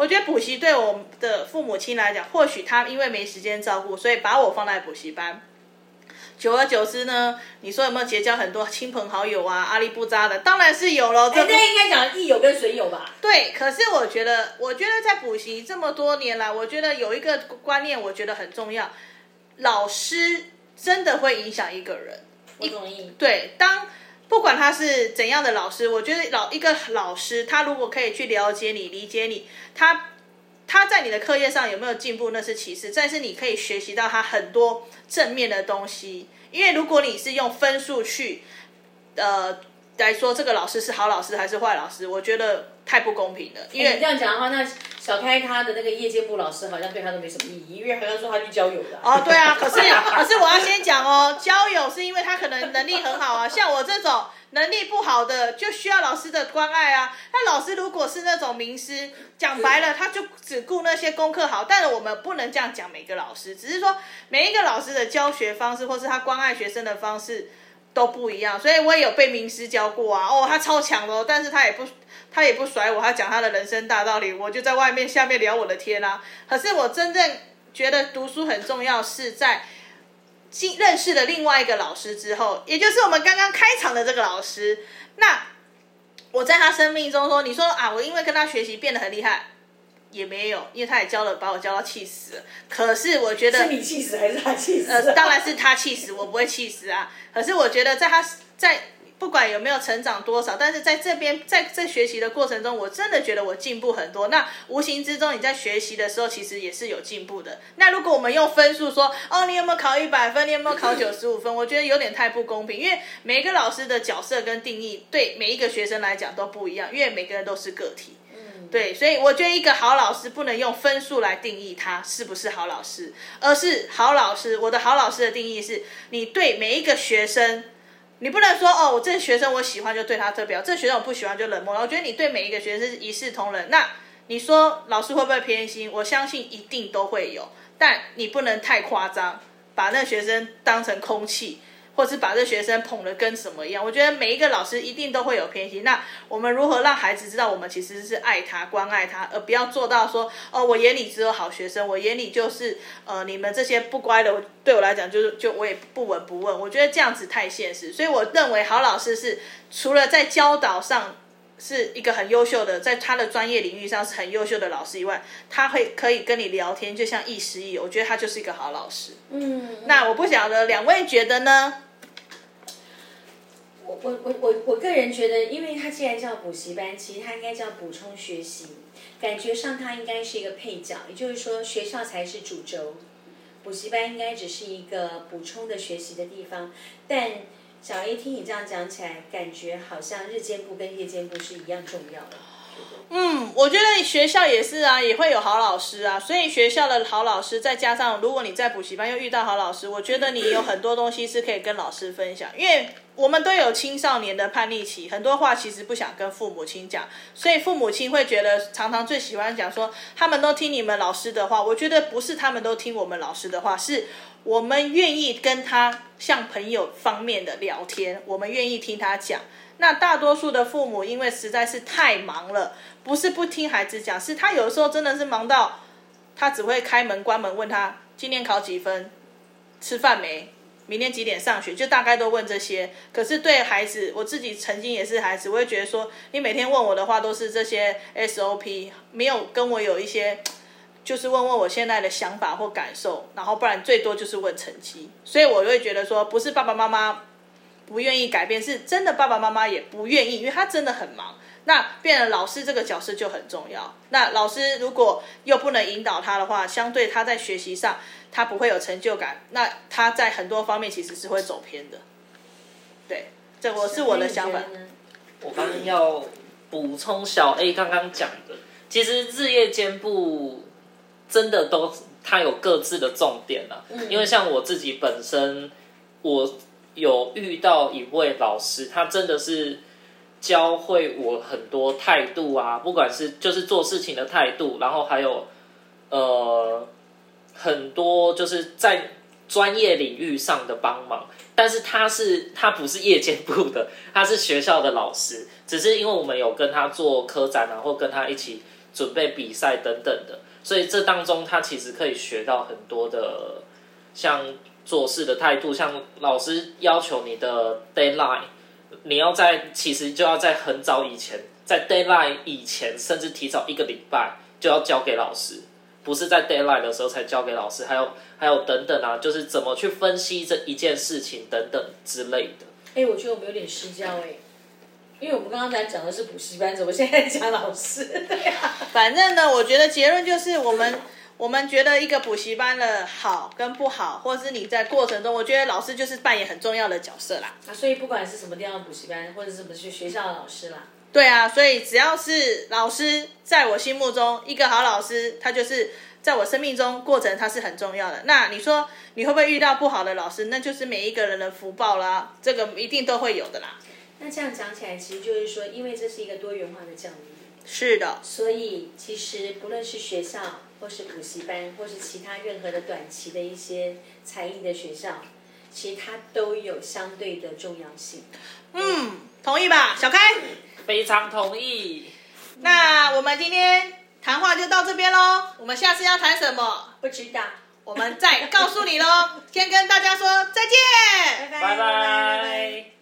我覺得補習對我的父母親來講，或許他因為沒時間照顧，所以把我放在補習班。久而久之呢，你說有沒有結交很多親朋好友啊？阿里不扎的，當然是有了。哎誒，那邊應該講益友跟損友吧？對，可是我覺得，我覺得在補習這麼多年來，我覺得有一個觀念，我覺得很重要。老師真的會影響一個人，我同意一種影。對，當。不管他是怎樣的老師，我覺得老一個老師，他如果可以去了解你、理解你，他他在你的課業上有沒有進步，那是其次，但是你可以學習到他很多正面的東西，因為如果你是用分數去，呃。來說這個老師是好老師還是壞老師？我覺得太不公平了。因為你這樣講的話，那小開他的那個業界部老師好像對他都沒什麼意義，因為好像說他去交友的、啊。哦，對啊。可是 可是我要先講哦， 交友是因為他可能能力很好啊，像我這種能力不好的就需要老師的關愛啊。那老師如果是那種名師，講白了他就只顧那些功課好。但是我們不能這樣講每個老師，只是說每一個老師的教學方式或是他關愛學生的方式。都不一樣，所以我也有被名師教過啊，哦，他超強的哦，但是他也不，他也不甩我，他講他的人生大道理，我就在外面下面聊我的天啦、啊。可是我真正覺得讀書很重要，是在，認識了另外一個老師之後，也就是我們剛剛開場的這個老師，那我在他生命中說，你說啊，我因為跟他學習變得很厲害。也沒有，因為他也教了，把我教到氣死了。可是我覺得是你氣死還是他氣死啊？呃，當然是他氣死，我不會氣死啊。可是我覺得在他，在不管有沒有成長多少，但是在這邊，在這學習的過程中，我真的覺得我進步很多。那無形之中你在學習的時候，其實也是有進步的。那如果我們用分數說，哦，你有沒有考一百分？你有沒有考九十五分？我覺得有點太不公平，因為每個老師的角色跟定義對每一個學生來講都不一樣，因為每個人都是個體。對，所以我覺得一個好老師不能用分數來定義他是不是好老師，而是好老師。我的好老師的定義是，你對每一個學生，你不能說哦，我這個學生我喜歡就對他特別好，這學生我不喜歡就冷漠。我覺得你對每一個學生是一視同仁，那你說老師會不會偏心？我相信一定都會有，但你不能太誇張，把那個學生當成空氣。或是把這學生捧得跟什麼一樣？我覺得每一個老師一定都會有偏心。那我們如何讓孩子知道我們其實是愛他、關愛他，而不要做到說哦，我眼裡只有好學生，我眼裡就是呃，你們這些不乖的，對我來講就是就我也不聞不問。我覺得這樣子太現實。所以我認為好老師是除了在教導上是一個很優秀的，在他的專業領域上是很優秀的老師以外，他會可以跟你聊天，就像亦師亦友。我覺得他就是一個好老師。嗯，那我不曉得兩位覺得呢？我我我我個人覺得，因為他既然叫補習班，其實他應該叫補充學習，感覺上他應該是一個配角，也就是說學校才是主軸，補習班應該只是一個補充的學習的地方。但小 A 聽你這樣講起來，感覺好像日間部跟夜間部是一樣重要的。嗯，我覺得學校也是啊，也會有好老師啊。所以學校的好老師，再加上如果你在補習班又遇到好老師，我覺得你有很多東西是可以跟老師分享。因為我們都有青少年的叛逆期，很多話其實不想跟父母親講，所以父母親會覺得常常最喜歡講說，他們都聽你們老師的話。我覺得不是他們都聽我們老師的話，是我們願意跟他像朋友方面的聊天，我們願意聽他講。那大多數的父母，因為實在是太忙了，不是不聽孩子講，是他有的時候真的是忙到，他只會開門關門，問他今天考幾分，吃飯沒，明天幾點上學，就大概都問這些。可是對孩子，我自己曾經也是孩子，我會覺得說，你每天問我的話都是這些 SOP，沒有跟我有一些，就是問問我現在的想法或感受，然後不然最多就是問成績。所以我會覺得說，不是爸爸媽媽。不願意改變是真的，爸爸媽媽也不願意，因為他真的很忙。那變了老師這個角色就很重要。那老師如果又不能引導他的話，相對他在學習上他不會有成就感，那他在很多方面其實是會走偏的。對，這個，是我的想法。現我剛要補充小 A 剛剛講的，其實日夜間部，真的都他有各自的重點了，啊，嗯、因為像我自己本身我。有遇到一位老師，他真的是教會我很多態度啊，不管是就是做事情的態度，然後還有呃很多就是在專業領域上的幫忙。但是他是他不是夜間部的，他是學校的老師，只是因為我們有跟他做科展啊，然後跟他一起準備比賽等等的，所以這當中他其實可以學到很多的像，做事的態度，像老師要求你的 deadline，你要在其實就要在很早以前，在 deadline 以前，甚至提早一個禮拜就要交給老師，不是在 deadline 的時候才交給老師。還有還有等等啊，就是怎麼去分析這一件事情等等之類的。哎，我覺得我們有點失焦哎，因為我們剛剛才講的是補習班，怎麼現在講老師？對啊，反正呢，我覺得結論就是我們。我們覺得一個補習班的好跟不好，或是你在過程中，我覺得老師就是扮演很重要的角色啦。啊，所以不管是什麼地方的補習班，或者是什麼是學校的老師啦。對啊，所以只要是老師，在我心目中，一個好老師，他就是在我生命中過程他是很重要的。那你說你會不會遇到不好的老師？那就是每一個人的福報啦，這個一定都會有的啦。那這樣講起來，其實就是說，因為這是一個多元化的教育。是的，所以其實不論是學校，或是補習班，或是其他任何的短期的一些才藝的學校，其他都有相對的重要性。嗯，同意吧，小 Ａ？非常同意。那我們今天談話就到這邊嘍，我們下次要談什麼？不知道，我們再告訴你嘍。 先跟大家說再見，拜拜，拜拜。